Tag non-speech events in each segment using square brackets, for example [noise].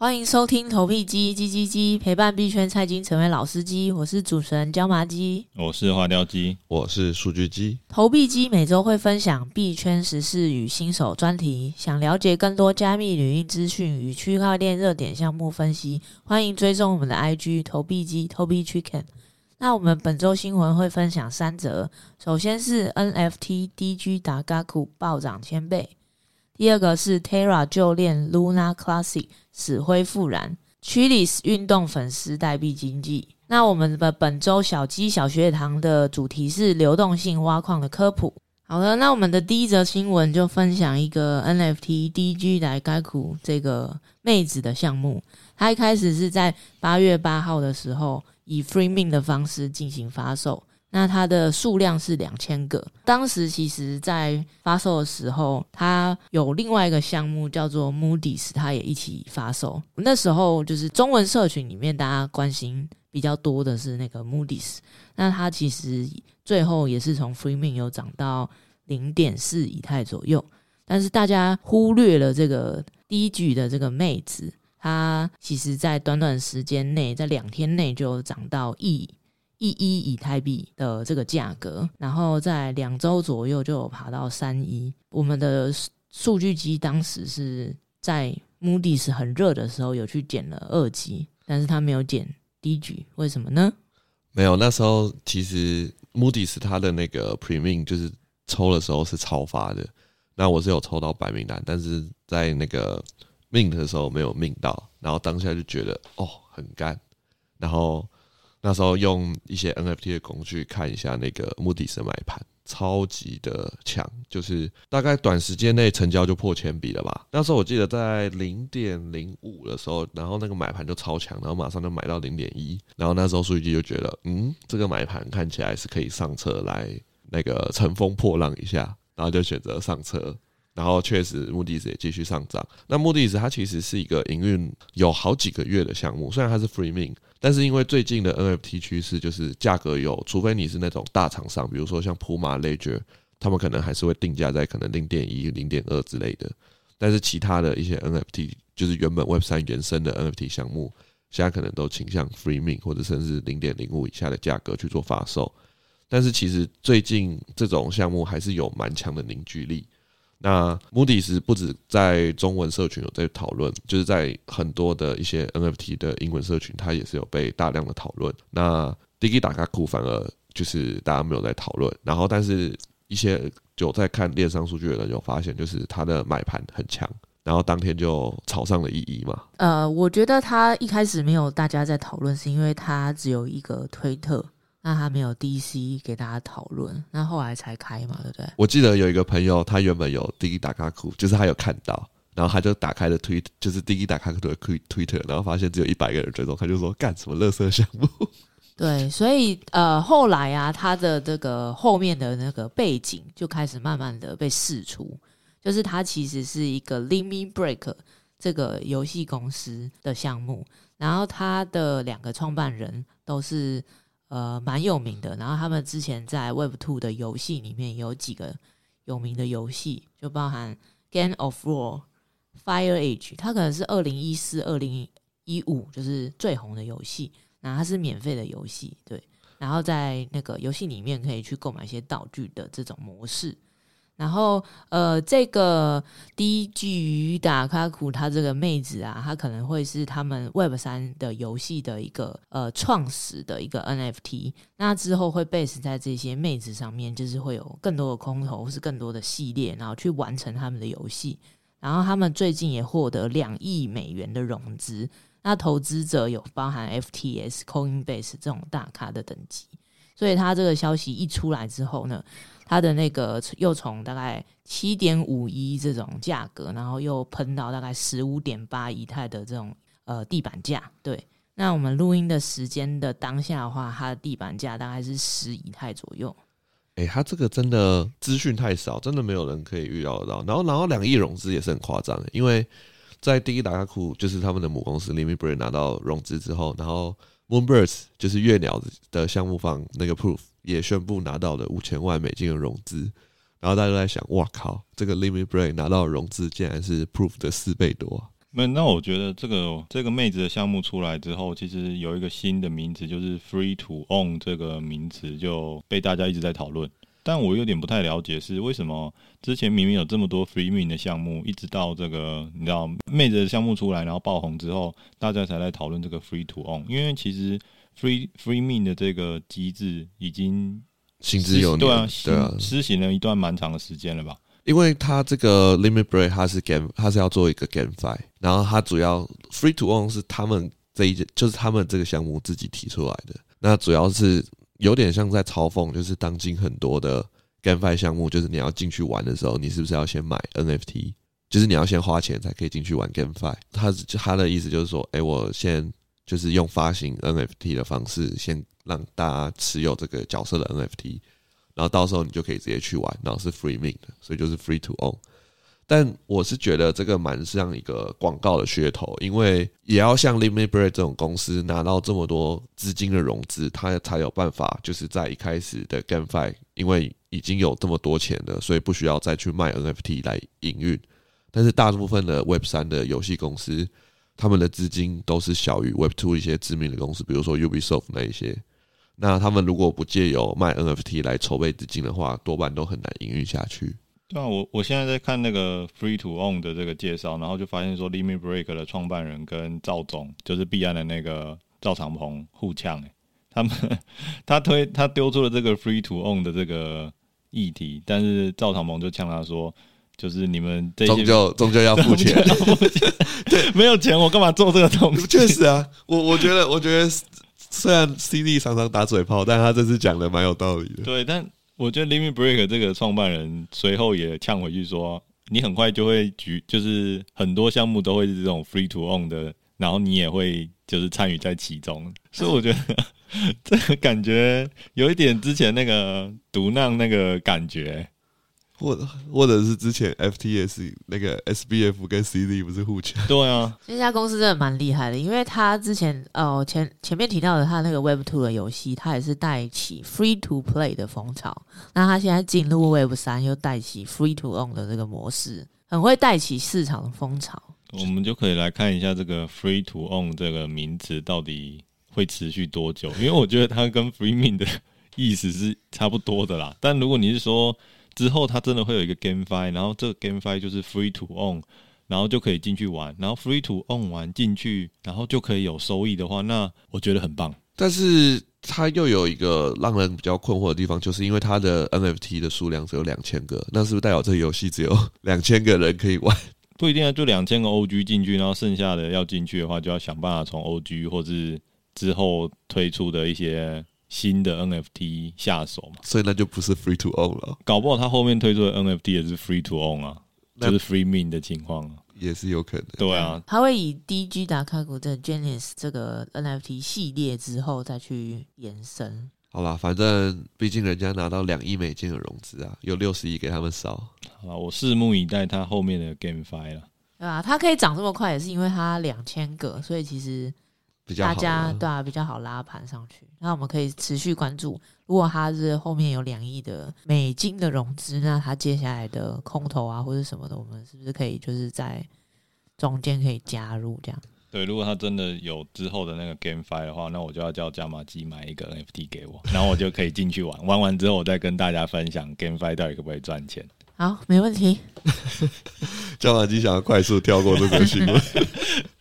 歡迎收聽投幣雞，雞雞雞，陪伴幣圈菜雞成為老司機。我是主持人椒麻雞，我是花雕雞，我是數據雞。投幣雞每週會分享幣圈時事與新手專題，想了解更多加密領域資訊與區塊鏈熱點項目分析，歡迎追蹤我們的 IG 投幣雞投幣 Chicken。那我們本周新聞會分享三則，首先是 NFT DigiDaigaku 暴漲千倍。第二個是 Terra 舊鏈 Luna Classic 死灰復燃，Chiliz 運動粉絲代幣經濟。那我們的本周小雞小學堂的主題是流動性挖礦的科普。好的，那我們的第一則新聞就分享一個 NFT DigiDaigaku 這個妹子的項目。他一開始是在八月八號的時候以 free mint 的方式進行發售。那它的數量是兩千個。當時其實，在發售的時候，它有另外一個項目叫做 Moody's，它也一起發售。那時候就是中文社群裡面，大家關心比較多的是那個 Moody's，那它其實最後也是從 Free Mint 有漲到零點四以太左右，但是大家忽略了這個第一句的這個妹子，它其實，在短短的時間內，在兩天內就漲到一。一一以太幣的這個價格，然後在兩周左右就有爬到三一。我們的數據機當時是在 Moody's 很熱的時候有去減了二級，但是他沒有減 DG，為什麼呢？沒有，那時候其實 Moody's 他的那個 Premium 就是抽的時候是超發的。那我是有抽到白名單，但是在那個 mint 的時候沒有 mint 到，然後當下就覺得哦很幹，然後。那時候用一些 NFT 的工具，看一下那個目的子，買盤超級的強，就是大概短時間內成交就破千筆了吧。那時候我記得在零點零五的時候，然後那個買盤就超強，然後馬上就買到零點一。然後那時候數據就覺得，嗯，這個買盤看起來是可以上車來那個乘風破浪一下，然後就選擇上車。然後確實目的子也繼續上漲。那目的子它其實是一個營運有好幾個月的項目，雖然它是 free mint。但是因為最近的 NFT 趨勢就是價格有，除非你是那種大廠商，比如說像普馬 e r 他們可能還是會定價在可能零點一、零點二之類的。但是其他的一些 NFT，就是原本 Web 三原生的 NFT 項目，現在可能都傾向 Free Mint 或者甚至零點零五以下的價格去做發售。但是其實最近這種項目還是有蠻強的凝聚力。那 Moodies 是不止在中文社群有在討論，就是在很多的一些 NFT 的英文社群，它也是有被大量的討論。那 DigiDaigaku 反而就是大家沒有在討論，然後但是一些有在看鏈上數據的人有發現，就是它的買盤很強，然後當天就炒上了一億嘛。呃，我覺得它一開始沒有大家在討論，是因為它只有一個推特。那他沒有 DC 給大家討論，那後來才開嘛，對不對？我記得有一個朋友，他原本有 DigiDaigaku，就是他有看到，然後他就打開了推，就是 DigiDaigaku 的推推特，然後發現只有一百個人追蹤，他就說幹什麼垃圾項目？對，所以呃，後來啊，他的這個後面的那個背景就開始慢慢的被釋出，就是他其實是一個 Limit Break 這個遊戲公司的項目，然後他的兩個創辦人都是。呃，蠻有名的。然後他們之前在 Web Two 的遊戲裡面有幾個有名的遊戲，就包含《Game of War》、《Fire Age》。它可能是二零一四、二零一五就是最紅的遊戲，然後它是免費的遊戲。對，然後在那個遊戲裡面可以去購買一些道具的這種模式。然後，呃，這個 DigiDaigaku，他這個妹子啊，他可能會是他們 Web 三的遊戲的一個呃創始的一個 NFT。那之後會 base 在這些妹子上面，就是會有更多的空投或是更多的系列，然後去完成他們的遊戲。然後他們最近也獲得兩億美元的融資，那投資者有包含 FTS、Coinbase 這種大咖的等級。所以他這個消息一出來之後呢，它的那個又從大概七點五一這種價格，然後又噴到大概十五點八以太的這種呃地板價。對，那我們錄音的時間的當下的話，它的地板價大概是十以太左右。誒、欸，它這個真的資訊太少，真的沒有人可以預料得到。然後，然後兩億融資也是很誇張的，因為在第一 DigiDaigaku 就是他們的母公司 Limit Break 拿到融資之後，然後 Moonbirds 就是月鳥的項目方那個 Proof。也宣布拿到了五千萬美金的融資，然後大家都在想，哇靠，這個 Limit Break 拿到的融資竟然是 Proof 的四倍多啊。那那我覺得這個這個妹子的項目出來之後，其實有一個新的名詞，就是 Free to Own 這個名詞就被大家一直在討論。但我有點不太了解，是為什麼之前明明有這麼多 Freeing 的項目，一直到這個你知道妹子的項目出來然後爆紅之後，大家才在討論這個 Free to Own，因為其實。Free Free Mint 的這個機制已經行之有年，對啊，對啊行，施行了一段蠻長的時間了吧？因為它這個 Limit Break 它是 Game，它是要做一個 GameFi，然後它主要 Free to Own 是他們這一就是他們這個項目自己提出來的。那主要是有點像在嘲諷，就是當今很多的 GameFi 項目，就是你要進去玩的時候，你是不是要先買 NFT？就是你要先花錢才可以進去玩 GameFi。他他的意思就是說，哎、欸，我先。就是用發行 NFT 的方式，先讓大家持有這個角色的 NFT，然後到時候你就可以直接去玩，然後是 free mint 所以就是 free to own。但我是覺得這個蠻像一個廣告的噱頭，因為也要像 Limit Break 這種公司拿到這麼多資金的融資，它才有辦法就是在一開始的 gamefi，因為已經有這麼多錢了，所以不需要再去賣 NFT 來營運。但是大部分的 Web 三的遊戲公司。他們的資金都是小於 Web Two 一些知名的公司，比如說 Ubisoft 那一些。那他們如果不借由賣 NFT 來籌備資金的話，多半都很難營運下去。對啊，我我現在在看那個 Free to Own 的這個介紹，然後就發現說，Limit Break 的創辦人跟趙總，就是幣安的那個趙長鵬互嗆、欸。他們他推他丟出了這個 Free to Own 的這個議題，但是趙長鵬就嗆他說。就是你們這終究終究要付錢，付錢 [laughs] 對， [laughs] 沒有錢我幹嘛做這個東西？確實啊，我我覺得，我覺得雖然 C D 常常打嘴炮，但他這次講的蠻有道理的。對，但我覺得 Limit Break 這個創辦人隨後也嗆回去說：“你很快就會舉，就是很多項目都會是這種 free to own 的，然後你也會就是參與在其中。”所以我覺得呵呵這個感覺有一點之前那個獨浪那個感覺。或或者是之前 FTX 那個 SBF 跟 CZ 不是互嗆？對啊，這家公司真的蠻厲害的，因為他之前哦、呃、前前面提到的他那個 Web Two 的遊戲，他也是帶起 Free to Play 的風潮。那他現在進入 Web 三，又帶起 Free to Own 的這個模式，很會帶起市場的風潮。我們就可以來看一下這個 Free to Own 這個名詞到底會持續多久？因為我覺得它跟 Free Me 的意思是差不多的啦。但如果你是說，之後，它真的會有一個 GameFi，然後這個 GameFi 就是 free to own，然後就可以進去玩。然後 free to own 玩進去，然後就可以有收益的話，那我覺得很棒。但是它又有一個讓人比較困惑的地方，就是因為它的 NFT 的數量只有兩千個，那是不是代表這個遊戲只有兩千個人可以玩？不一定啊，就兩千個 OG 進去，然後剩下的要進去的話，就要想辦法從 OG 或是之後推出的一些。新的 NFT 下手嘛，所以那就不是 Free to o 了，搞不好他後面推出的 NFT 也是 Free to o 啊，那就是 Free m i n 的情況、啊，也是有可能。對啊，他會以 DG 打卡古的 Genius 這個 NFT 系列之後再去延伸。好啦，反正畢竟人家拿到兩億美金的融資啊，有六十億給他們燒。好啦，我拭目以待他後面的 GameFi 了、啊。對啊，它可以漲這麼快，也是因為它兩千個，所以其實。啊、大家對啊比較好拉盤上去，那我們可以持續關注。如果他是後面有兩億的美金的融資，那他接下來的空投啊或者什麼的，我們是不是可以就是在中間可以加入這樣？對，如果他真的有之後的那個 GameFi 的話，那我就要叫加碼機買一個 NFT 給我，然後我就可以進去玩。 [laughs] 玩完之後，我再跟大家分享 GameFi 到底可不可以賺錢。好，沒問題。 [laughs] 加碼機想要快速跳過這個新聞。 [laughs] [laughs]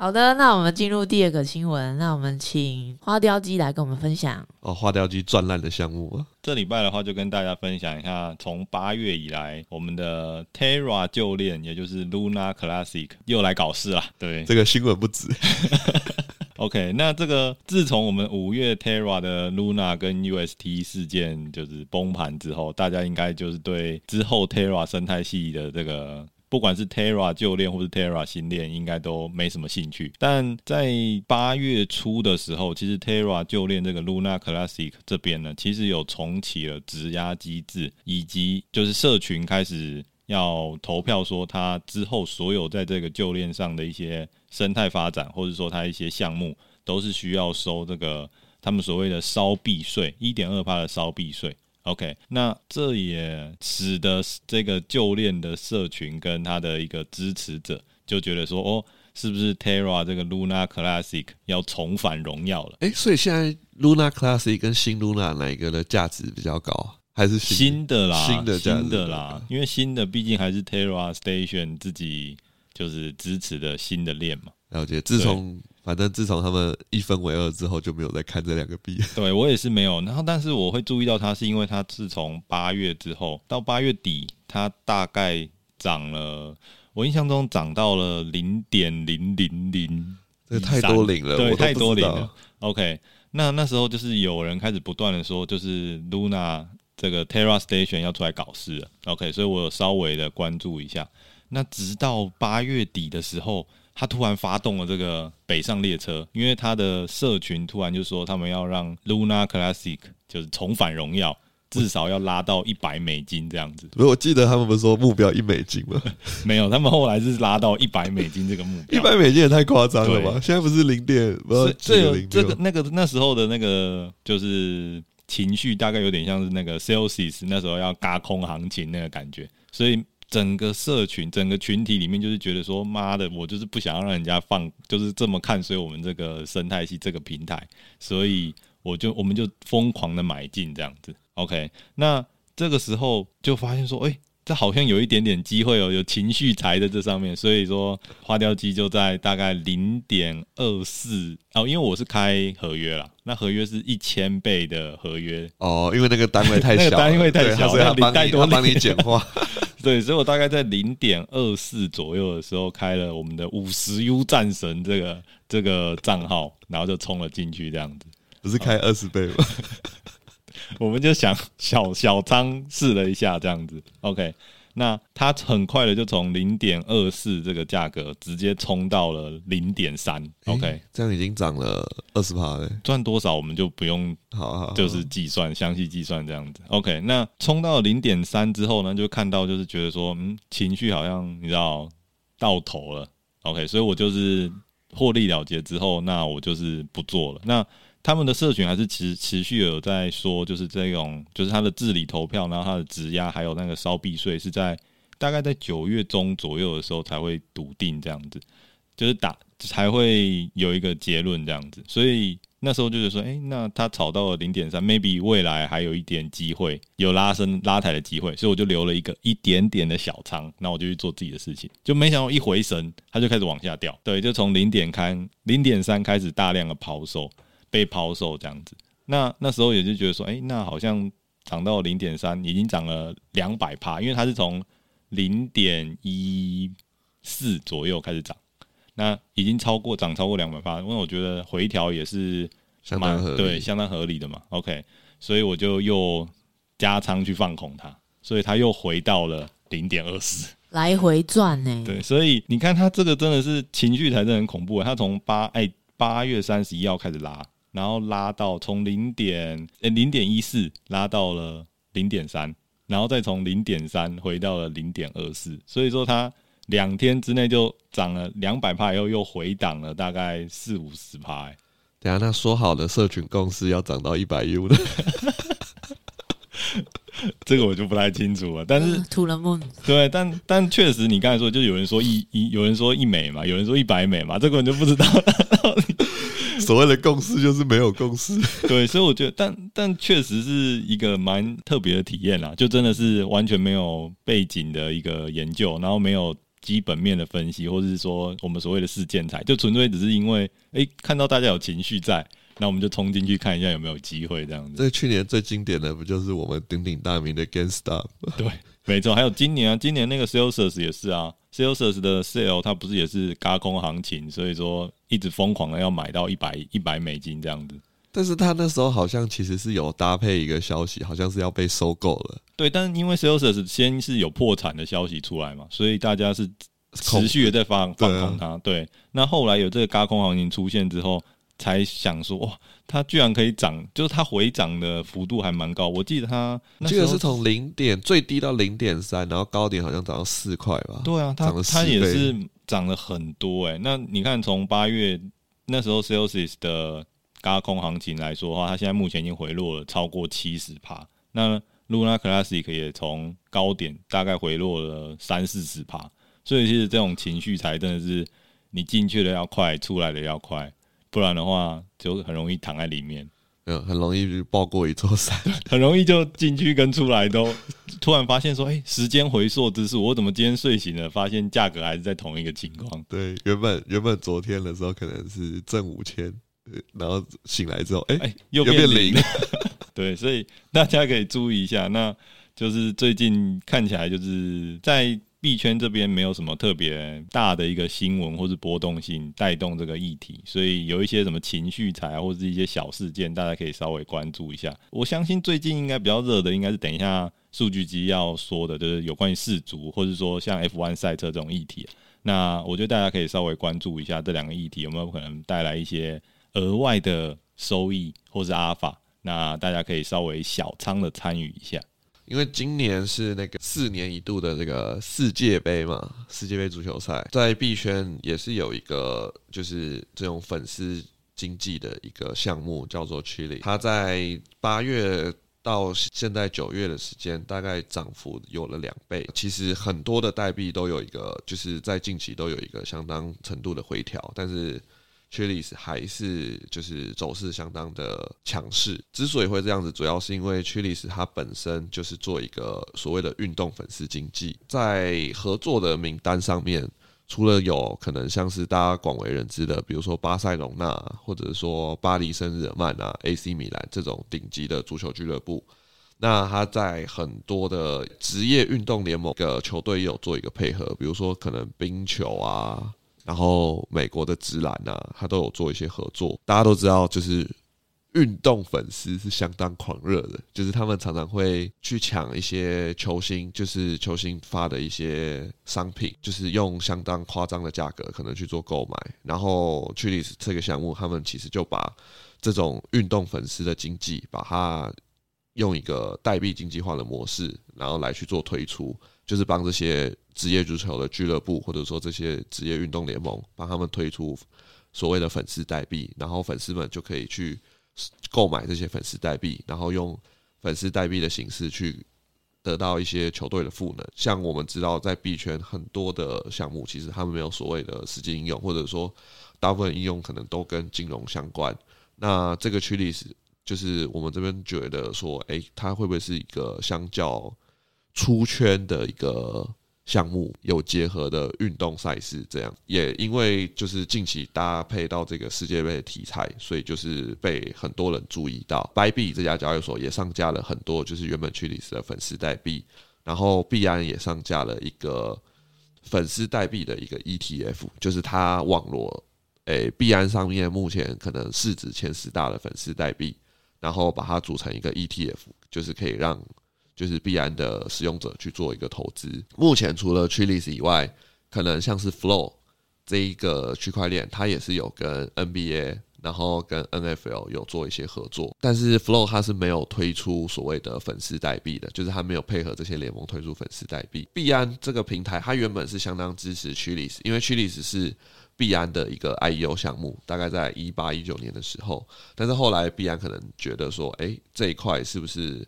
好的，那我們進入第二個新聞。那我們請花雕雞來跟我們分享哦。花雕雞賺爛的項目啊，這禮拜的話就跟大家分享一下。從八月以來，我們的 Terra 舊鏈，也就是 Luna Classic 又來搞事啦。對，這個新聞不止。 [laughs] [laughs] OK，那這個自從我們五月 Terra 的 Luna 跟 UST 事件就是崩盤之後，大家應該就是對之後 Terra 生態系的這個。不管是 Terra 舊鏈，或是 Terra 新鏈，應該都沒什麼興趣。但在八月初的時候，其實 Terra 舊鏈這個 Luna Classic 這邊呢，其實有重啟了質押機制，以及就是社群開始要投票說，他之後所有在這個舊鏈上的一些生態發展，或者說他一些項目，都是需要收這個他們所謂的燒幣稅，一點二%的燒幣稅。OK，那這也使得這個舊鏈的社群跟他的一個支持者就覺得說，哦，是不是 Terra 這個 Luna Classic 要重返榮耀了？哎、欸，所以現在 Luna Classic 跟新 Luna 哪一個的價值比較高？還是新,新的啦，新的這樣子啦，因為新的畢竟還是 Terra Station 自己就是支持的新的鏈嘛。了解，自從。反正自從他們一分為二之後，就沒有再看這兩個幣。對我也是沒有。然後，但是我會注意到它，是因為它自從八月之後到八月底，它大概漲了。我印象中漲到了零點零零零，這太多零了，對，太多零了。OK，那那時候就是有人開始不斷的說，就是 Luna 這個 Terra Station 要出來搞事了。OK，所以我有稍微的關注一下。那直到八月底的時候。他突然發動了這個北上列車，因為他的社群突然就說他們要讓 Luna Classic 就是重返榮耀，至少要拉到一百美金這樣子。不是、嗯，我記得他們不是說目標一美金嗎？ [laughs] 沒有，他們後來是拉到一百美金這個目標。一百美金也太誇張了吧？對現在不是零點，不是、啊、這有一個那個那時候的那個就是情緒，大概有點像是那個 Celsius 那時候要嘎空行情那個感覺，所以。整個社群、整個群體裡面，就是覺得說，媽的，我就是不想要讓人家放，就是這麼看衰我們這個生態系、這個平台，所以我就我們就瘋狂的買進這樣子。OK，那這個時候就發現說，哎、欸，這好像有一點點機會哦、喔，有情緒才在這上面。所以說，花雕機就在大概零點二四哦，因為我是開合約了，那合約是一千倍的合約哦，因為那個單位太小， [laughs] 單位太小，他幫你他幫你簡化。對，所以我大概在零點二四左右的時候開了我們的五十 U 戰神這個這個賬號，然後就衝了進去，這樣子，不是開二十倍嗎？Okay [laughs] 我們就想小小倉試了一下，這樣子，OK。那它很快的就從零點二四這個價格直接衝到了零點三，OK，這樣已經漲了二十趴了，賺、欸、多少我們就不用，好好，就是計算詳細計算這樣子，OK。那衝到零點三之後呢，就看到就是覺得說，嗯，情緒好像你知道到頭了，OK，所以我就是獲利了結之後，那我就是不做了，那。他們的社群還是持持續有在說，就是這種就是他的治理投票，然後他的質押，還有那個燒幣稅，是在大概在九月中左右的時候才會篤定這樣子，就是打才會有一個結論這樣子。所以那時候就是說，誒、欸，那他炒到了零點三，maybe 未來還有一點機會有拉升拉抬的機會，所以我就留了一個一點點的小倉，那我就去做自己的事情，就沒想到一回神，它就開始往下掉，對，就從零點開零點三開始大量的拋售。被拋售這樣子，那那時候也就覺得說，哎、欸，那好像漲到零點三，已經漲了兩百趴，因為它是從零點一四左右開始漲，那已經超過漲超過兩百趴，因為我覺得回調也是蠻合對相當合理的嘛，OK，所以我就又加倉去放空它，所以它又回到了零點二四來回轉、欸，對，所以你看它這個真的是情緒才是很恐怖啊，它從八哎八月三十一號開始拉。然後拉到從零點誒，零點一四拉到了零點三，然後再從零點三回到了零點二四，所以說它兩天之內就漲了兩百趴，以後又回檔了大概四五十趴。欸、等下那說好的社群公司要漲到一百 U 的， [laughs] [laughs] 這個我就不太清楚了。但是、啊、土人對，但但確實你剛才說，就有人說一一有人說一美嘛，有人說一百美嘛，這個我就不知道。 [laughs] 所謂的共識就是沒有共識， [laughs] 對，所以我覺得，但但確實是一個蠻特別的體驗啦，就真的是完全沒有背景的一個研究，然後沒有基本面的分析，或者是說我們所謂的事件財就純粹只是因為哎、欸，看到大家有情緒在，那我們就衝進去看一下有沒有機會這樣子。這去年最經典的不就是我們鼎鼎大名的 GameStop 對，沒錯，還有今年啊，今年那個 Sales 也是啊。Celsius 的 Sale，它不是也是軋空行情，所以說一直瘋狂的要買到一百一百美金這樣子。但是它那時候好像其實是有搭配一個消息，好像是要被收購了。對，但因為 Celsius 先是有破產的消息出來嘛，所以大家是持續的在放放空它。對，啊、對，那後來有這個軋空行情出現之後，才想說哇，它居然可以漲，就是它回漲的幅度還蠻高。我記得它那，這個是從零點最低到零點三，然後高點好像漲到四塊吧？對啊，它它也是漲了很多哎、欸。那你看，從八月那時候 Celsius 的軋空行情來說的話，它現在目前已經回落了超過七十趴。那 Luna Classic 也從高點大概回落了三四十趴，所以其實這種情緒才真的是你進去的要快，出來的要快。不然的話，就很容易躺在裡面，呃，很容易就抱過一座山，很容易就進去跟出來都突然發現說，哎、欸，時間回溯之術，我怎麼今天睡醒了，發現價格還是在同一個情況？對，原本原本昨天的時候可能是掙五千，然後醒來之後，哎、欸，又變零了。對，所以大家可以注意一下，那就是最近看起來就是在，幣圈這邊沒有什麼特別大的一個新聞，或是波動性帶動這個議題，所以有一些什麼情緒財，或者是一些小事件，大家可以稍微關注一下。我相信最近應該比較熱的，應該是等一下數據雞要說的，就是有關於世足，或者說像 F1 賽車這種議題啊。那我覺得大家可以稍微關注一下這兩個議題，有沒有可能帶來一些額外的收益或是阿爾法？那大家可以稍微小倉的參與一下。因為今年是那個四年一度的這個世界盃嘛，世界盃足球賽在幣圈也是有一個就是這種粉絲經濟的一個項目，叫做 Chiliz。它在八月到現在九月的時間，大概漲幅有了兩倍。其實很多的代幣都有一個，就是在近期都有一個相當程度的回調，但是，Chiliz 還是就是走勢相當的強勢。之所以會這樣子，主要是因為 Chiliz 它本身就是做一個所謂的運動粉絲經濟。在合作的名單上面，除了有可能像是大家廣為人知的，比如說巴塞隆納，或者說巴黎聖日耳曼啊、AC 米蘭這種頂級的足球俱樂部，那他在很多的職業運動聯盟的球隊也有做一個配合，比如說可能冰球啊。然後美國的職籃啊，他都有做一些合作。大家都知道，就是運動粉絲是相當狂熱的，就是他們常常會去搶一些球星，就是球星發的一些商品，就是用相當誇張的價格可能去做購買。然後 Chiliz 這個項目，他們其實就把這種運動粉絲的經濟，把它用一個代幣經濟化的模式，然後來去做推出。就是幫這些職業足球的俱樂部，或者說這些職業運動聯盟，幫他們推出所謂的粉絲代幣，然後粉絲們就可以去購買這些粉絲代幣，然後用粉絲代幣的形式去得到一些球隊的賦能。像我們知道，在幣圈很多的項目，其實他們沒有所謂的實際應用，或者說大部分應用可能都跟金融相關。那這個趨勢就是我們這邊覺得說、欸，誒，它會不會是一個相較？出圈的一個項目，有結合的運動賽事，這樣也因為就是近期搭配到這個世界杯的題材，所以就是被很多人注意到。Bybit 這家交易所也上架了很多就是原本去歷史的粉絲代幣，然後幣安也上架了一個粉絲代幣的一個 ETF，就是它網絡誒幣安上面目前可能市值前十大的粉絲代幣，然後把它組成一個 ETF，就是可以讓就是幣安的使用者去做一個投資。目前除了 Chiliz 以外，可能像是 Flow 這一個區塊鏈，它也是有跟 NBA 然後跟 NFL 有做一些合作。但是 Flow 它是沒有推出所謂的粉絲代幣的，就是它沒有配合這些聯盟推出粉絲代幣。幣安這個平台它原本是相當支持 Chiliz，因為 Chiliz 是幣安的一個 IEO 項目，大概在一八一九年的時候。但是後來幣安可能覺得說，哎、欸，這一塊是不是？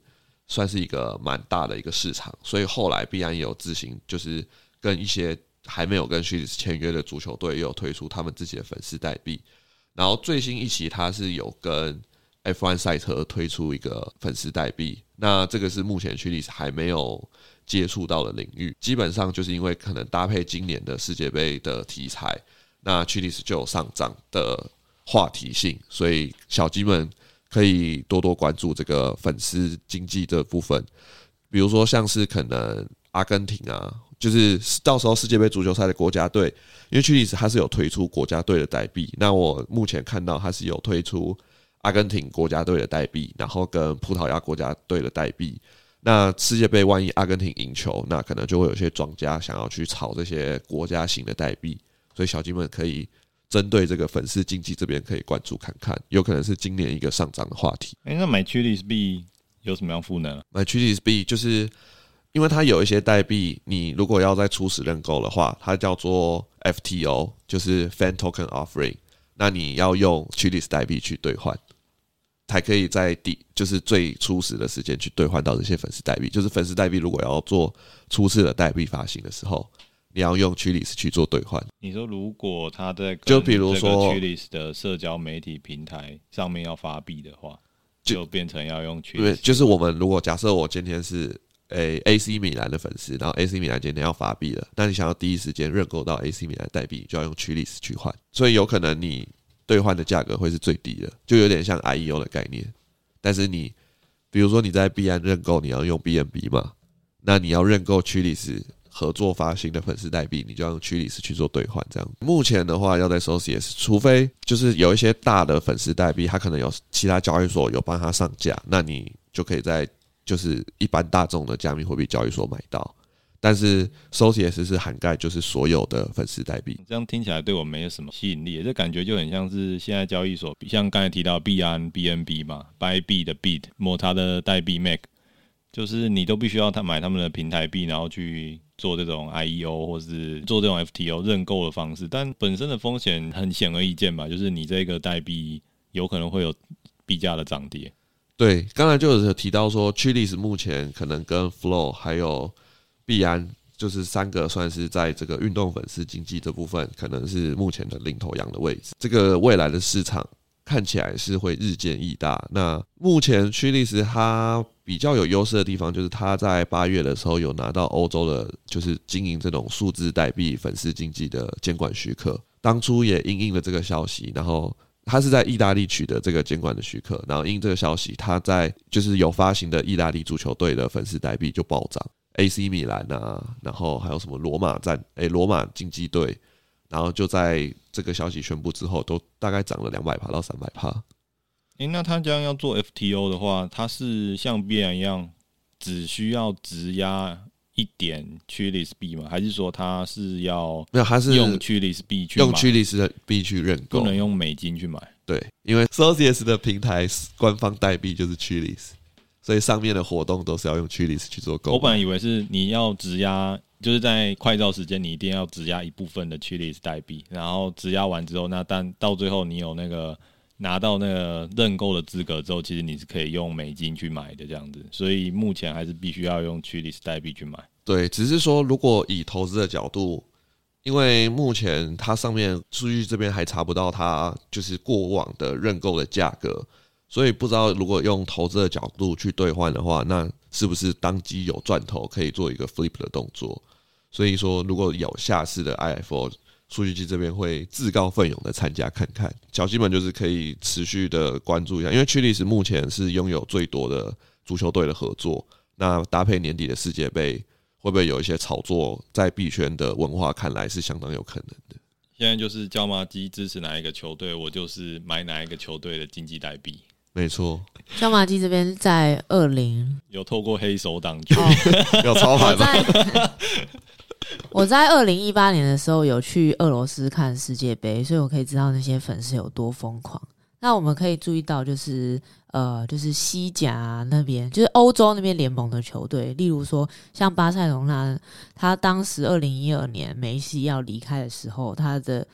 算是一個蠻大的一個市場，所以後來幣安也有自行就是跟一些還沒有跟 Chiliz 簽約的足球隊，也有推出他們自己的粉絲代幣。然後最新一期，它是有跟 F1 賽車推出一個粉絲代幣。那這個是目前 Chiliz 還沒有接觸到的領域。基本上就是因為可能搭配今年的世界杯的題材，那 Chiliz 就有上漲的話題性，所以小雞們。可以多多關注這個粉絲經濟的部分，比如說像是可能阿根廷啊，就是到時候世界杯足球賽的國家隊，因為確實它是有推出國家隊的代幣，那我目前看到它是有推出阿根廷國家隊的代幣，然後跟葡萄牙國家隊的代幣。那世界杯萬一阿根廷贏球，那可能就會有些莊家想要去炒這些國家型的代幣，所以小雞們可以，針對這個粉絲經濟這邊可以關注看看，有可能是今年一個上漲的話題。哎，那買 Chiliz 幣有什麼樣賦能？買 Chiliz 幣就是因為它有一些代幣，你如果要在初始認購的話，它叫做 FTO，就是 Fan Token Offering，那你要用 Chiliz 代幣去兌換，才可以在第就是最初始的時間去兌換到這些粉絲代幣。就是粉絲代幣如果要做初次的代幣發行的時候。你要用 Chiliz 去做兌換。你說如果他在跟就比如說 Chiliz 的社交媒體平台上面要發幣的話，就變成要用曲。對，就是我們如果假設我今天是誒 AC 米蘭的粉絲，然後 AC 米蘭今天要發幣了，那你想要第一時間認購到 AC 米蘭代幣，就要用 Chiliz 去換。所以有可能你兌換的價格會是最低的，就有點像 IEO 的概念。但是你比如說你在幣安認購，你要用 BNB 嘛，那你要認購 Chiliz。合作發行的粉絲代幣，你就要用 Chiliz 去做兌換。這樣目前的話，要在 Socios，除非就是有一些大的粉絲代幣，它可能有其他交易所有幫他上架，那你就可以在就是一般大眾的加密貨幣交易所買到。但是 Socios 是涵蓋就是所有的粉絲代幣。這樣聽起來對我沒有什麼吸引力，這感覺就很像是現在交易所，像剛才提到幣安、BNB 嘛，Bybit 的 BIT，抹茶的代幣 Mac，就是你都必須要他買他們的平台幣，然後去。做這種 I E O 或者是做這種 F T O 認購的方式，但本身的風險很顯而易見吧？就是你這個代幣有可能會有幣價的漲跌。對，剛才就有提到說，Chiliz 是目前可能跟 Flow 還有幣安就是三個，算是在這個運動粉絲經濟這部分，可能是目前的領頭羊的位置。這個未來的市場看起來是會日漸益大。那目前 Chiliz 它比較有優勢的地方就是，他在八月的時候有拿到歐洲的，就是經營這種數字代幣粉絲經濟的監管許可。當初也因應了這個消息，然後他是在意大利取得這個監管的許可，然後因應這個消息，他在就是有發行的意大利足球隊的粉絲代幣就暴漲，AC 米蘭啊，然後還有什麼羅馬戰，誒，羅馬競技隊，然後就在這個消息宣布之後，都大概漲了兩百趴到三百趴。誒，那他將要做 FTO 的話，他是像別人一樣只需要質押一點 Chiliz 幣嗎？還是說他是要沒有？他是用 Chiliz 幣去用 Chiliz 的幣去認購，不能用美金去買。對，因為 Socios 的平台官方代幣就是 Chiliz，所以上面的活動都是要用 Chiliz 去做購。我本來以為是你要質押，就是在快照時間你一定要質押一部分的 Chiliz 代幣，然後質押完之後，那但到最後你有那個。拿到那個認購的資格之後，其實你是可以用美金去買的這樣子，所以目前還是必須要用 Chiliz 代幣去買。對，只是說如果以投資的角度，因為目前它上面數據這邊還查不到它就是過往的認購的價格，所以不知道如果用投資的角度去兌換的話，那是不是當機有賺頭可以做一個 flip 的動作？所以說如果有下次的 IFO，數據機這邊會自告奮勇的參加看看，小雞們就是可以持續的關注一下，因為 Chiliz 目前是擁有最多的足球隊的合作，那搭配年底的世界盃，會不會有一些炒作？在幣圈的文化看來是相當有可能的。現在就是椒麻雞支持哪一個球隊，我就是買哪一個球隊的經濟代幣。沒錯錯，椒麻雞這邊在二零有透過黑手黨去、哦、 [laughs] 有操盤嗎？ [laughs] 我在 [laughs] 我在二零一八年的時候有去俄羅斯看世界杯，所以我可以知道那些粉絲有多瘋狂。那我們可以注意到，就是呃，就是西甲、啊、那邊，就是歐洲那邊聯盟的球隊，例如說像巴塞羅那，他當時二零一二年梅西要離開的時候，他的，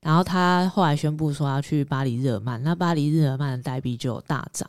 然後他後來宣布說要去巴黎日耳曼，那巴黎日耳曼的代幣就有大漲。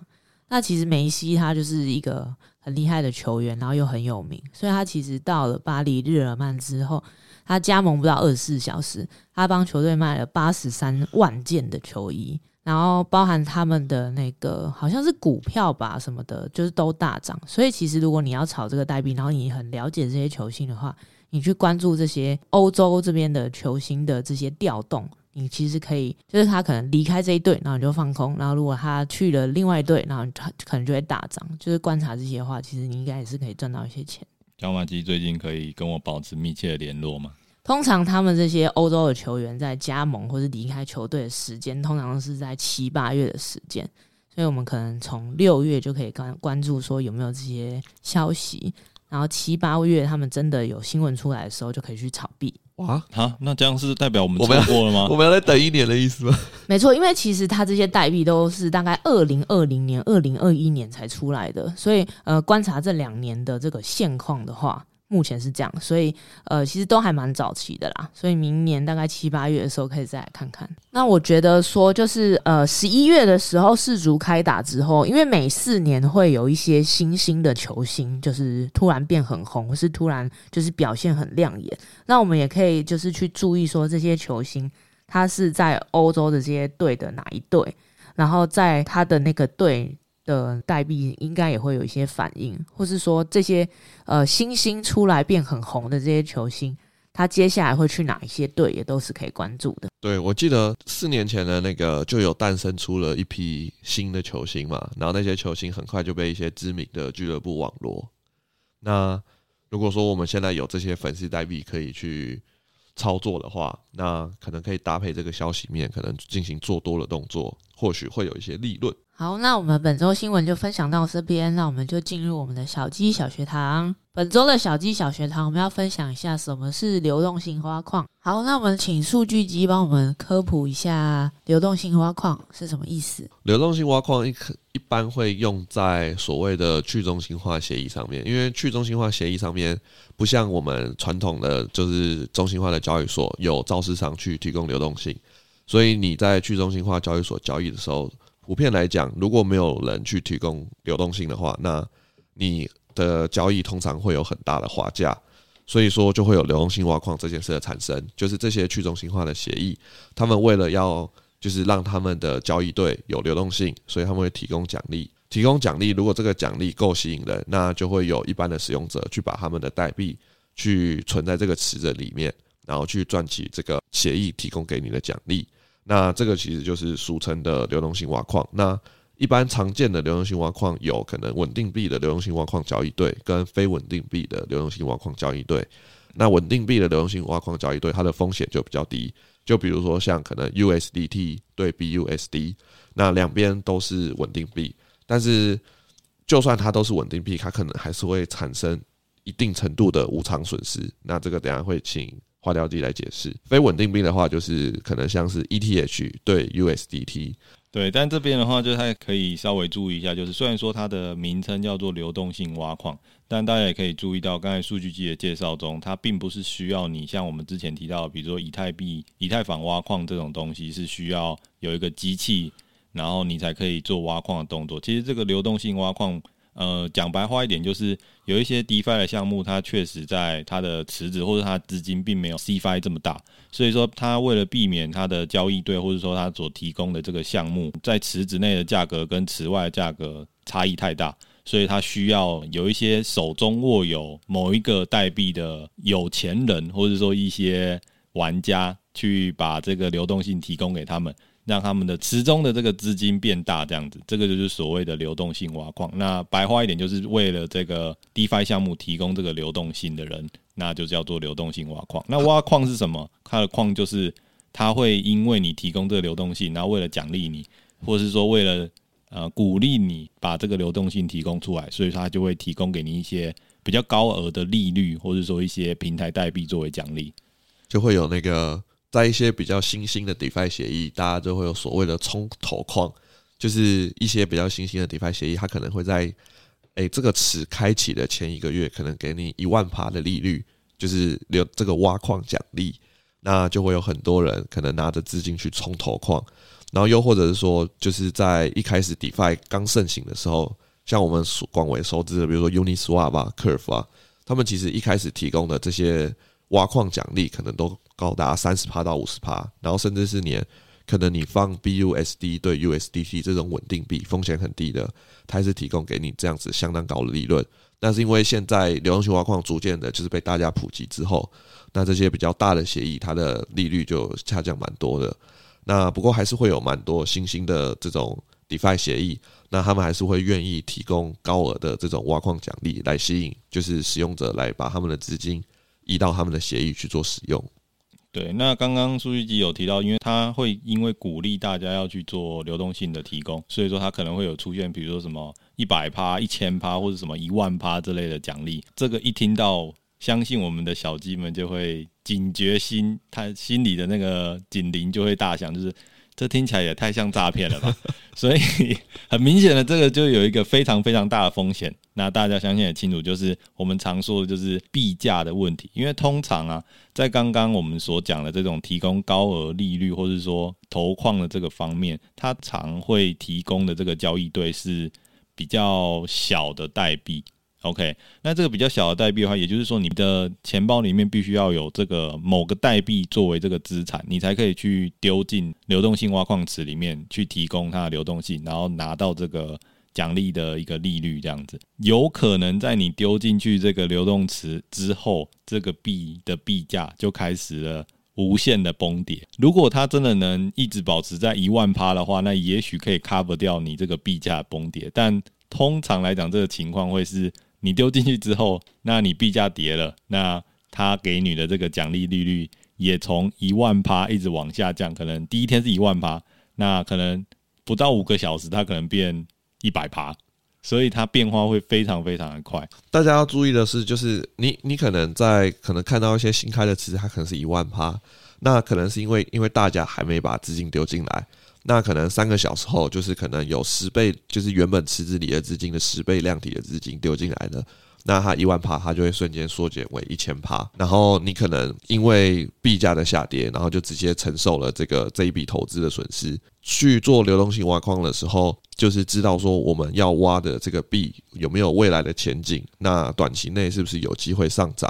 那其實梅西他就是一個。很厲害的球員，然後又很有名，所以他其實到了巴黎日耳曼之後，他加盟不到二十四小時，他幫球隊賣了八十三萬件的球衣，然後包含他們的那個好像是股票吧什麼的，就是都大漲。所以其實如果你要炒這個代幣，然後你很了解這些球星的話，你去關注這些歐洲這邊的球星的這些調動。你其實可以，就是他可能離開這一隊，然後你就放空；然後如果他去了另外一隊，然後他可能就會大漲。就是觀察這些的話，其實你應該也是可以賺到一些錢。焦馬吉最近可以跟我保持密切的聯絡嗎？通常他們這些歐洲的球員在加盟或是離開球隊的時間，通常都是在七八月的時間，所以我們可能從六月就可以關關注說有沒有這些消息，然後七八月他們真的有新聞出來的時候，就可以去炒幣。哇，好、啊，那這樣是代表我們要過了嗎？我？我們要再等一年的意思、啊，沒錯，因為其實它這些代幣都是大概二零二零年、二零二一年才出來的，所以呃，觀察這兩年的這個現況的話。目前是這樣，所以呃，其實都還蠻早期的啦，所以明年大概七八月的時候可以再來看看。那我覺得說，就是呃，十一月的時候世足開打之後，因為每四年會有一些新興的球星，就是突然變很紅，或是突然就是表現很亮眼，那我們也可以就是去注意說這些球星，他是在歐洲的這些隊的哪一隊，然後在他的那個隊。的代幣應該也會有一些反應，或是說這些呃新星、星出來變很紅的這些球星，他接下來會去哪一些隊也都是可以關注的。對，我記得四年前的那個就有誕生出了一批新的球星嘛，然後那些球星很快就被一些知名的俱樂部網羅。那如果說我們現在有這些粉絲代幣可以去操作的話，那可能可以搭配這個消息面，可能進行做多的動作，或許會有一些利潤。好，那我們本週新聞就分享到這邊。那我們就進入我們的小雞小學堂。本週的小雞小學堂，我們要分享一下什麼是流動性挖礦。好，那我們請數據機幫我們科普一下流動性挖礦是什麼意思。流動性挖礦一一般會用在所謂的去中心化協議上面，因為去中心化協議上面不像我們傳統的就是中心化的交易所有造市場，去提供流動性，所以你在去中心化交易所交易的時候。普遍來講，如果沒有人去提供流動性的話，那你的交易通常會有很大的滑價，所以說就會有流動性挖礦這件事的產生。就是這些去中心化的協議，他們為了要就是讓他們的交易對有流動性，所以他們會提供獎勵。提供獎勵，如果這個獎勵夠吸引人，那就會有一般的使用者去把他們的代幣去存在這個池子裡面，然後去賺取這個協議提供給你的獎勵。那這個其實就是俗稱的流動性挖礦。那一般常見的流動性挖礦，有可能穩定幣的流動性挖礦交易對，跟非穩定幣的流動性挖礦交易對。那穩定幣的流動性挖礦交易對，它的風險就比較低。就比如說像可能 USDT 對 BUSD，那兩邊都是穩定幣，但是就算它都是穩定幣，它可能還是會產生一定程度的無常損失。那這個等下會請。化掉自己來解釋，非穩定幣的話就是可能像是 ETH 對 USDT，對，但這邊的話就大家可以稍微注意一下，就是雖然說它的名稱叫做流動性挖礦，但大家也可以注意到，剛才數據機的介紹中，它並不是需要你像我們之前提到的，比如說以太幣、以太坊挖礦這種東西是需要有一個機器，然後你才可以做挖礦的動作。其實這個流動性挖礦。呃，講白話一點，就是有一些 DeFi 的項目，它確實在它的池子或者它資金並沒有 CFi 這麼大，所以說它為了避免它的交易對或者說它所提供的這個項目在池子內的價格跟池外的價格差異太大，所以它需要有一些手中握有某一個代幣的有錢人或者說一些玩家去把這個流動性提供給他們。讓他們的池中的這個資金變大，這樣子，這個就是所謂的流動性挖礦。那白話一點，就是為了這個 DeFi 項目提供這個流動性的人，那就叫做流動性挖礦。那挖礦是什麼？它的礦就是它會因為你提供這個流動性，然後為了獎勵你，或者是說為了呃鼓勵你把這個流動性提供出來，所以它就會提供給你一些比較高額的利率，或者說一些平台代幣作為獎勵，就會有那個。在一些比較新興的 DeFi 協議，大家就會有所謂的衝投礦，就是一些比較新興的 DeFi 協議，它可能會在誒、欸、這個池開啟的前一個月，可能給你一萬趴的利率，就是留這個挖礦獎勵，那就會有很多人可能拿着資金去衝投礦，然後又或者是說，就是在一開始 DeFi 剛盛行的時候，像我們廣為熟知的，比如說 Uniswap、Curve 啊，他們其實一開始提供的這些挖礦獎勵，可能都高達三十趴到五十趴，然後甚至是你可能你放 BUSD 對 USDT 這種穩定幣，風險很低的，它還是提供給你這樣子相當高的利潤。那是因為現在流動性挖礦逐漸的就是被大家普及之後，那這些比較大的協議，它的利率就下降蠻多的。那不過還是會有蠻多新興的這種 DeFi 協議，那他們還是會願意提供高額的這種挖礦獎勵來吸引，就是使用者來把他們的資金移到他們的協議去做使用。對，那剛剛數據集有提到，因為他會因為鼓勵大家要去做流動性的提供，所以說他可能會有出現，比如說什麼一百趴、一千趴或者什麼一萬趴之類的獎勵。這個一聽到，相信我們的小雞們就會警覺心，他心裡的那個警鈴就會大響，就是。這聽起來也太像詐騙了吧！所以很明顯的，這個就有一個非常非常大的風險。那大家相信也清楚，就是我們常說的就是幣價的問題。因為通常啊，在剛剛我們所講的這種提供高額利率，或是說挖礦的這個方面，它常會提供的這個交易對是比較小的代幣。OK，那這個比較小的代幣的話，也就是說你的錢包裡面必須要有這個某個代幣作為這個資產，你才可以去丟進流動性挖礦池裡面去提供它的流動性，然後拿到這個獎勵的一個利率這樣子。有可能在你丟進去這個流動池之後，這個幣的幣價就開始了無限的崩跌。如果它真的能一直保持在一萬趴的話，那也許可以 cover 掉你這個幣價崩跌。但通常來講，這個情況會是。你丟進去之後，那你幣價跌了，那他給你的這個獎勵利率也從一萬趴一直往下降，可能第一天是一萬趴，那可能不到五個小時，它可能變一百趴，所以它變化會非常非常的快。大家要注意的是，就是你你可能在可能看到一些新開的池，它可能是一萬趴，那可能是因為因為大家還沒把資金丟進來。那可能三個小時後，就是可能有十倍，就是原本池子裡的資金的十倍量體的資金丟進來了。那它一萬趴，它就會瞬間縮減為一千趴。然後你可能因為幣價的下跌，然後就直接承受了這個這一筆投資的損失。去做流動性挖礦的時候，就是知道說我們要挖的這個幣有沒有未來的前景，那短期內是不是有機會上漲？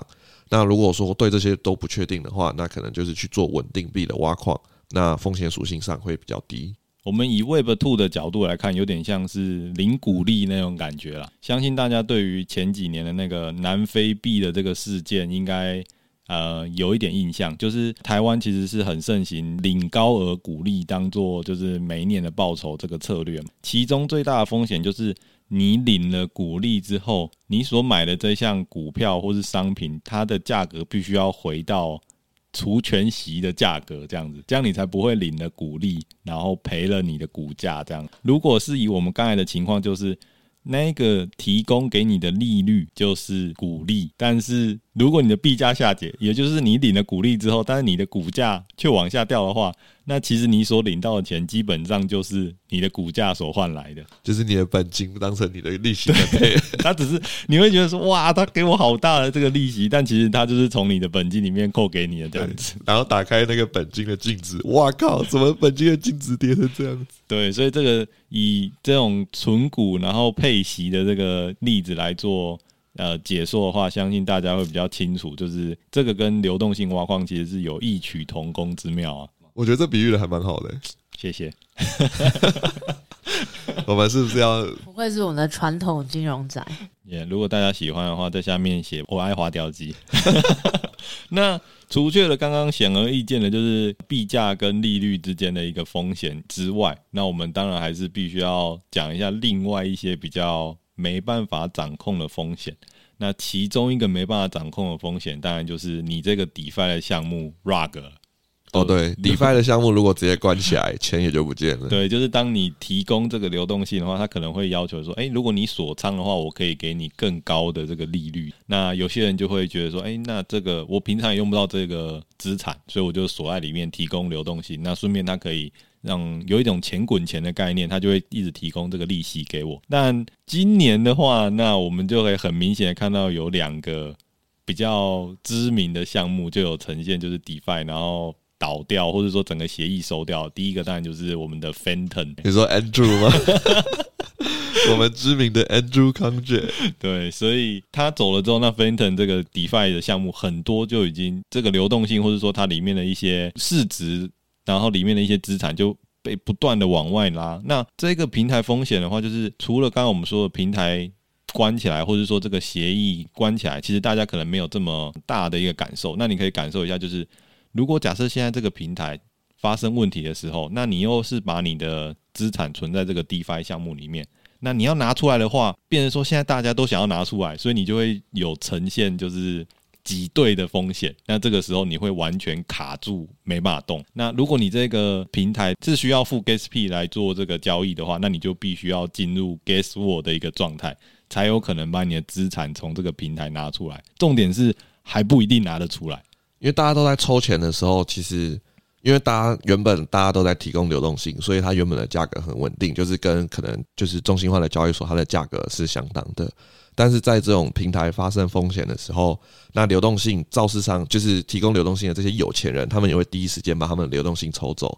那如果說對這些都不確定的話，那可能就是去做穩定幣的挖礦。那風險屬性上會比較低。我們以 Web Two 的角度來看，有點像是領股利那種感覺啦。相信大家對於前幾年的那個南非幣的這個事件，應該呃有一點印象。就是台灣其實是很盛行領高額股利，當做就是每一年的報酬這個策略。其中最大的風險就是你領了股利之後，你所買的這項股票或是商品，它的價格必須要回到。除權息的價格這樣子，這樣你才不會領了股利，然後賠了你的股價這樣。如果是以我們剛才的情況，就是那個提供給你的利率就是股利，但是。如果你的幣價下跌，也就是你領了股利之後，但是你的股價卻往下掉的話，那其實你所領到的錢基本上就是你的股價所換來的，就是你的本金當成你的利息來配。對，它只是你會覺得說哇，它給我好大的這個利息， [laughs] 但其實它就是從你的本金裡面扣給你的這樣子。然後打開那個本金的淨值，哇靠，怎麼本金的淨值跌成這樣子？對，所以這個以這種存股然後配息的這個例子來做。呃，解說的話，相信大家會比較清楚，就是這個跟流動性挖礦其實是有異曲同工之妙啊。我覺得這比喻的還蠻好的。欸，謝謝。 [laughs] [laughs] 我們是不是要不愧是我們的傳統金融仔。Yeah, 如果大家喜歡的話，在下面寫我愛滑調機。那除去了剛剛顯而易見的，就是幣價跟利率之間的一個風險之外，那我們當然還是必須要講一下另外一些比較沒辦法掌控的風險，那其中一個沒辦法掌控的風險，當然就是你這個 DeFi 的項目 Rug。哦，對 [laughs] ，DeFi 的項目如果直接關起來，錢也就不見了。對，就是當你提供這個流動性的話，他可能會要求說，哎、欸，如果你鎖倉的話，我可以給你更高的這個利率。那有些人就會覺得說，哎、欸，那這個我平常也用不到這個資產，所以我就鎖在裡面提供流動性，那順便他可以。嗯，有一種錢滾錢的概念，他就會一直提供這個利息給我。但今年的話，那我們就可以很明顯的看到有兩個比較知名的項目就有呈現，就是 DeFi，然後倒掉，或者說整個協議收掉。第一個當然就是我們的 Fenton，你說 Andrew 嗎？我們知名的 Andrew Conject，、e、 [laughs] [laughs] 對，所以他走了之後，那 Fenton 這個 DeFi 的項目很多就已經這個流動性，或者說它裡面的一些市值。然後裡面的一些資產就被不斷的往外拉。那這個平台風險的話，就是除了剛剛我們說的平台關起來，或者說這個協議關起來，其實大家可能沒有這麼大的一個感受。那你可以感受一下，就是如果假設現在這個平台發生問題的時候，那你又是把你的資產存在這個 DeFi 項目裡面，那你要拿出來的話，變成說現在大家都想要拿出來，所以你就會有呈現就是。擠兌的風險，那這個時候你會完全卡住，沒辦法動。那如果你這個平台是需要付 Gas P 來做這個交易的話，那你就必須要進入 Gas War 的一個狀態，才有可能把你的資產從這個平台拿出來。重點是還不一定拿得出來，因為大家都在抽錢的時候，其實因為大家原本大家都在提供流動性，所以它原本的價格很穩定，就是跟可能就是中心化的交易所它的價格是相當的。但是在這種平台發生風險的時候，那流動性造市商就是提供流動性的這些有錢人，他們也會第一時間把他們的流動性抽走。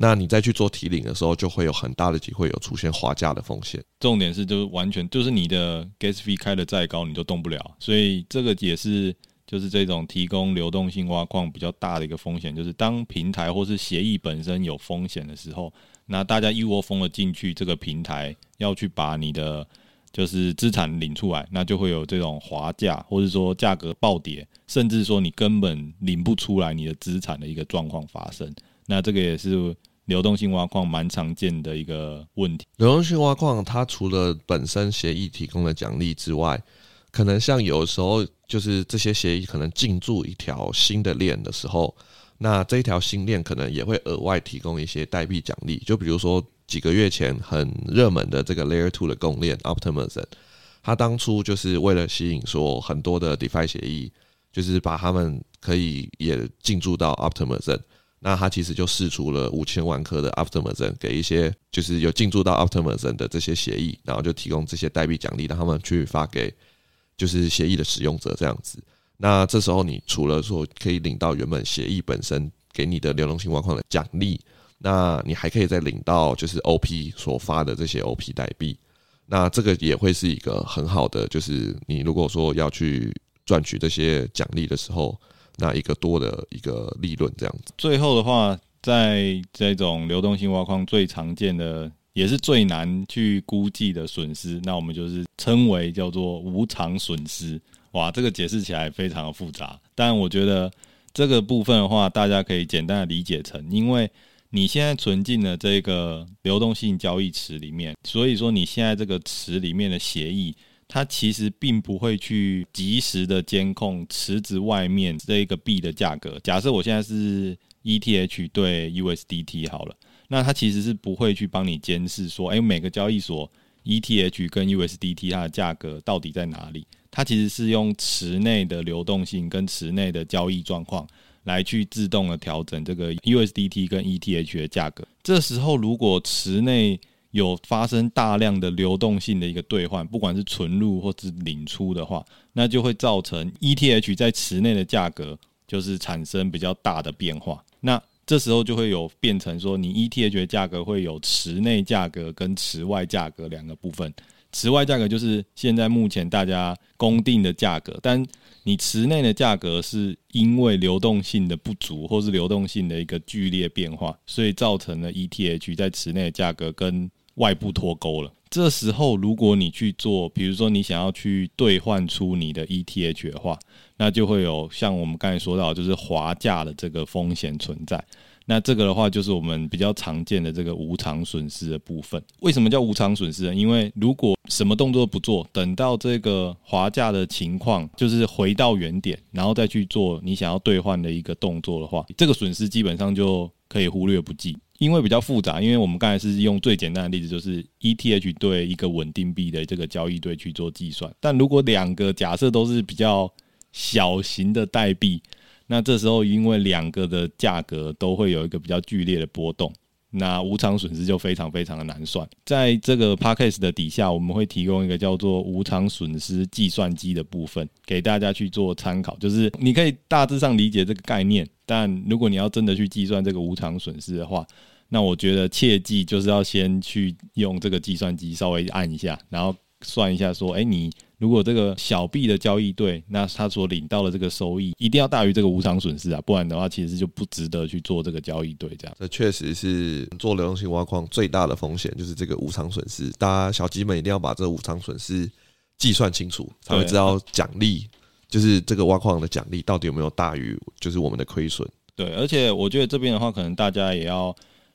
那你再去做提領的時候，就會有很大的機會有出現滑價的風險。重點是就是完全就是你的 gas fee 開的再高，你都動不了。所以這個也是就是這種提供流動性挖礦比較大的一個風險，就是當平台或是協議本身有風險的時候，那大家一窩蜂的進去這個平台，要去把你的。就是資產領出來，那就會有這種滑價，或者說價格暴跌，甚至說你根本領不出來你的資產的一個狀況發生。那這個也是流動性挖礦蠻常見的一個問題。流動性挖礦它除了本身協議提供的獎勵之外，可能像有的時候就是這些協議可能進駐一條新的鏈的時候，那這一條新鏈可能也會額外提供一些代幣獎勵，就比如說。幾個月前很熱門的這個 Layer Two 的公鏈 Optimism，它當初就是為了吸引說很多的 DeFi 協議，就是把他們可以也進駐到 Optimism。那它其實就釋出了五千萬顆的 Optimism，給一些就是有進駐到 Optimism 的這些協議，然後就提供這些代幣獎勵，讓他們去發給就是協議的使用者這樣子。那這時候你除了說可以領到原本協議本身給你的流動性挖礦的獎勵。那你還可以再領到就是 OP 所發的這些 OP 代幣，那這個也會是一個很好的，就是你如果說要去賺取這些獎勵的時候，那一個多的一個利潤這樣子。最後的話，在這種流動性挖礦最常見的也是最難去估計的損失，那我們就是稱為叫做無常損失。哇，這個解釋起來非常的複雜，但我覺得這個部分的話，大家可以簡單的理解成，因為你現在存進了這個流動性交易池裡面，所以說你現在這個池裡面的協議，它其實並不會去即時的監控池子外面這一個幣的價格。假設我現在是 ETH 對 USDT 好了，那它其實是不會去幫你監視說，誒，每個交易所 ETH 跟 USDT 它的價格到底在哪裡？它其實是用池內的流動性跟池內的交易狀況。來去自動的調整這個 USDT 跟 ETH 的價格。這時候如果池內有發生大量的流動性的一個兌換，不管是存入或是領出的話，那就會造成 ETH 在池內的價格就是產生比較大的變化。那這時候就會有變成說，你 ETH 的價格會有池內價格跟池外價格兩個部分。池外價格就是現在目前大家公定的價格，但你池內的價格是因為流動性的不足，或是流動性的一個劇烈變化，所以造成了 ETH 在池內的價格跟外部脫鈎了。這時候，如果你去做，比如說你想要去兌換出你的 ETH 的話，那就會有像我們剛才說到，就是滑價的這個風險存在。那這個的話，就是我們比較常見的這個無常損失的部分。為什麼叫無常損失呢？因為如果什麼動作不做，等到這個滑價的情況，就是回到原點，然後再去做你想要兌換的一個動作的話，這個損失基本上就可以忽略不計。因為比較複雜，因為我們剛才是用最簡單的例子，就是 ETH 對一個穩定幣的這個交易對去做計算。但如果兩個假設都是比較小型的代幣，那這時候，因為兩個的價格都會有一個比較劇烈的波動，那無常損失就非常非常的難算。在這個 Podcast 的底下，我們會提供一個叫做無常損失計算機的部分，給大家去做參考。就是你可以大致上理解這個概念，但如果你要真的去計算這個無常損失的話，那我覺得切記就是要先去用這個計算機稍微按一下，然後算一下，說，誒、欸，你。如果這個小幣的交易對，那他所領到的這個收益一定要大於這個無常損失啊，不然的話，其實就不值得去做這個交易對。這樣，這確實是做流動性挖礦最大的風險，就是這個無常損失。大家小雞們一定要把這個無常損失計算清楚，才會知道獎勵，就是這個挖礦的獎勵到底有沒有大於就是我們的虧損。對，而且我覺得這邊的話，可能大家也要，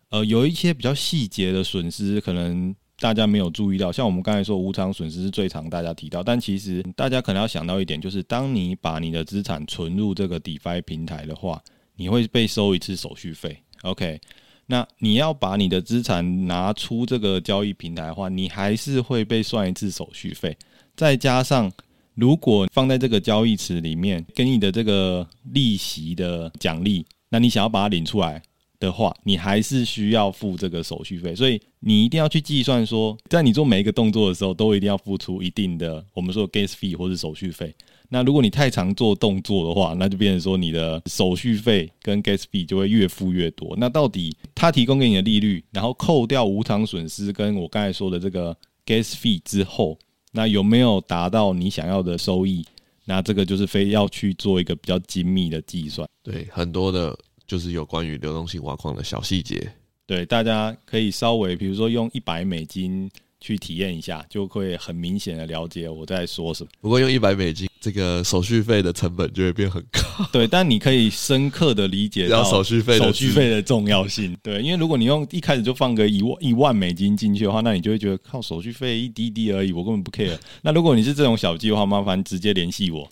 呃，有一些比較細節的損失，可能。大家沒有注意到，像我們剛才說，無常損失是最常大家提到，但其實大家可能要想到一點，就是當你把你的資產存入這個 DeFi 平台的話，你會被收一次手續費，OK？那你要把你的資產拿出這個交易平台的話，你還是會被算一次手續費，再加上如果放在這個交易池裡面，跟你的這個利息的獎勵，那你想要把它領出來的話，你還是需要付這個手續費，所以你一定要去計算說，在你做每一個動作的時候，都一定要付出一定的我們說的 gas fee 或者手續費。那如果你太常做動作的話，那就變成說你的手續費跟 gas fee 就會越付越多。那到底他提供給你的利率，然後扣掉無常損失跟我剛才說的這個 gas fee 之後，那有沒有達到你想要的收益？那這個就是非要去做一個比較精密的計算。對，很多的。就是有關於流動性挖礦的小細節。對，大家可以稍微比如說用一百美金去體驗一下，就會很明顯的了解我在說什麼。如果用一百美金，這個手續費的成本就會變很高。對，但你可以深刻的理解到手續費、手續費的重要性。對，因為如果你用一開始就放個一萬一萬美金進去的話，那你就會覺得靠手續費一滴滴而已，我根本不 care。那如果你是這種小計劃，麻煩直接聯繫我。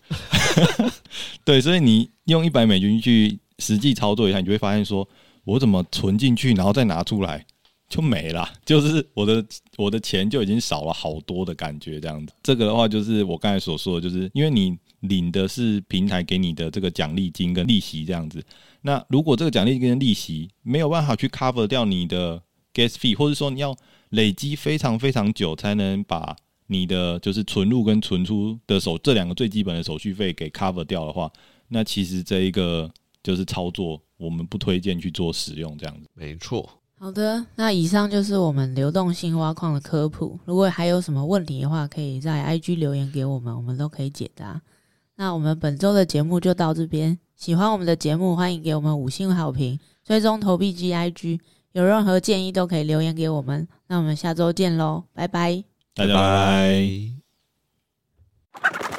[laughs] 對，所以你用一百美金去。實際操作一下，你就會發現，說我怎麼存進去，然後再拿出來就沒了，就是我的我的錢就已經少了好多的感覺。這樣子，這個的話就是我剛才所說的，就是因為你領的是平台給你的這個獎勵金跟利息這樣子。那如果這個獎勵金跟利息沒有辦法去 cover 掉你的 gas fee，或者說你要累積非常非常久才能把你的就是存入跟存出的手這兩個最基本的手續費給 cover 掉的話，那其實這一個。就是操作，我們不推薦去做使用這樣子。沒錯，好的，那以上就是我們流動性挖礦的科普。如果還有什麼問題的話，可以在 IG 留言給我們，我們都可以解答。那我們本周的節目就到這邊，喜歡我們的節目，歡迎給我們五星好評，追蹤投幣雞 IG，有任何建議都可以留言給我們。那我們下周見嘍，拜拜，拜拜。拜拜。